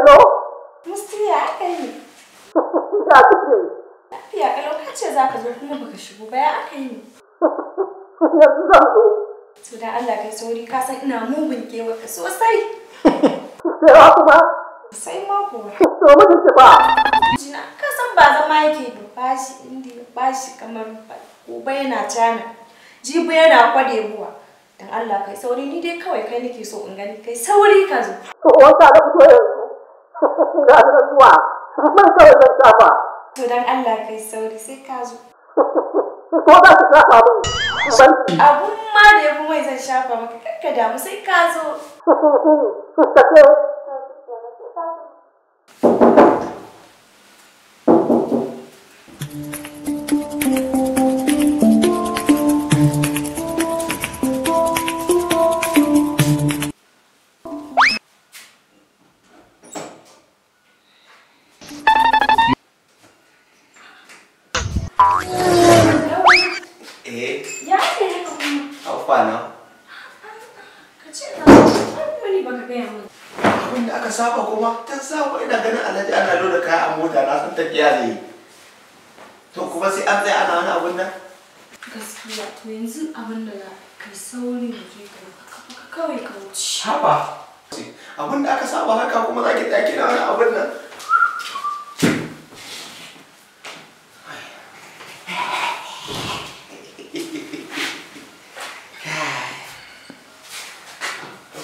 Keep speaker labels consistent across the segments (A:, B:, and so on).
A: kalau? Musti ya aka yi. Ya kake? Lafiya kalau ka ce za ka zo kuma baka shigo ba ya aka yi. Yanzu zan zo. To da Allah kai sauri ka san ina mugun kewarka sosai. Sai ba kuma? Sai ma kuwa. To mutum ce ba. Jina ka san ba zama yake ba shi inda ba shi kamar ba. gobe yana cana. Jibi yana kwadebuwa. dan Allah kai sauri ni dai kawai kai nake so in gani kai sauri ka zo to wata da to na zuwa ban kawai zan shafa to dan Allah kai sauri sai ka zo ko za ka shafa min abun ma da ya fi mai zan shafa maka kakka damu sai ka zo kwana. Ka ce na wani baka gaya mun. Abin da aka saba kuma ta saba ina ganin alhaji ana loda kaya a mota na san tafiya ne. To kuma sai an tsaya ana wani abun nan. Gaskiya to yanzu abin da kai sauri da ke kawai ka wuce. Haba. Abin da aka saba haka kuma za ki tsaki na wani abun nan.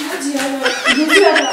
A: 哪姐呀，你别了。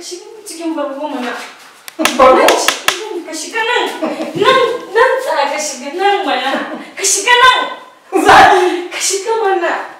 A: ka cikin bargo mana bargo ka shiga nan nan nan ka shiga nan mana ka shiga nan zabi ka shiga mana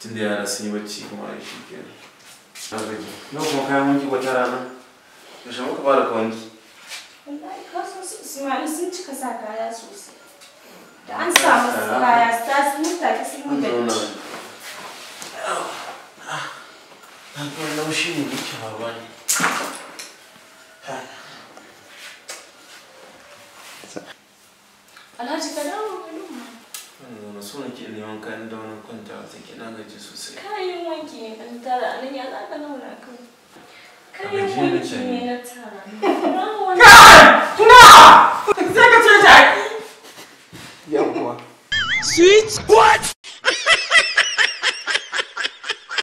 A: tunda yara sun yi bacci kuma ai shi ke arziki kuma kayan wanki wata rana da shi muka fara ka wanki wallahi su ismail sun cika sa kaya sosai da an samu kaya ta sun mutaki sun mutaki laushi ne ne. Alhaji ka dawo ga na so nake ne wanka ni da wani kwanta a sake na gaji sosai kayan wanki ne an tara anan ya za ka launa kan kayan wanki ne na tara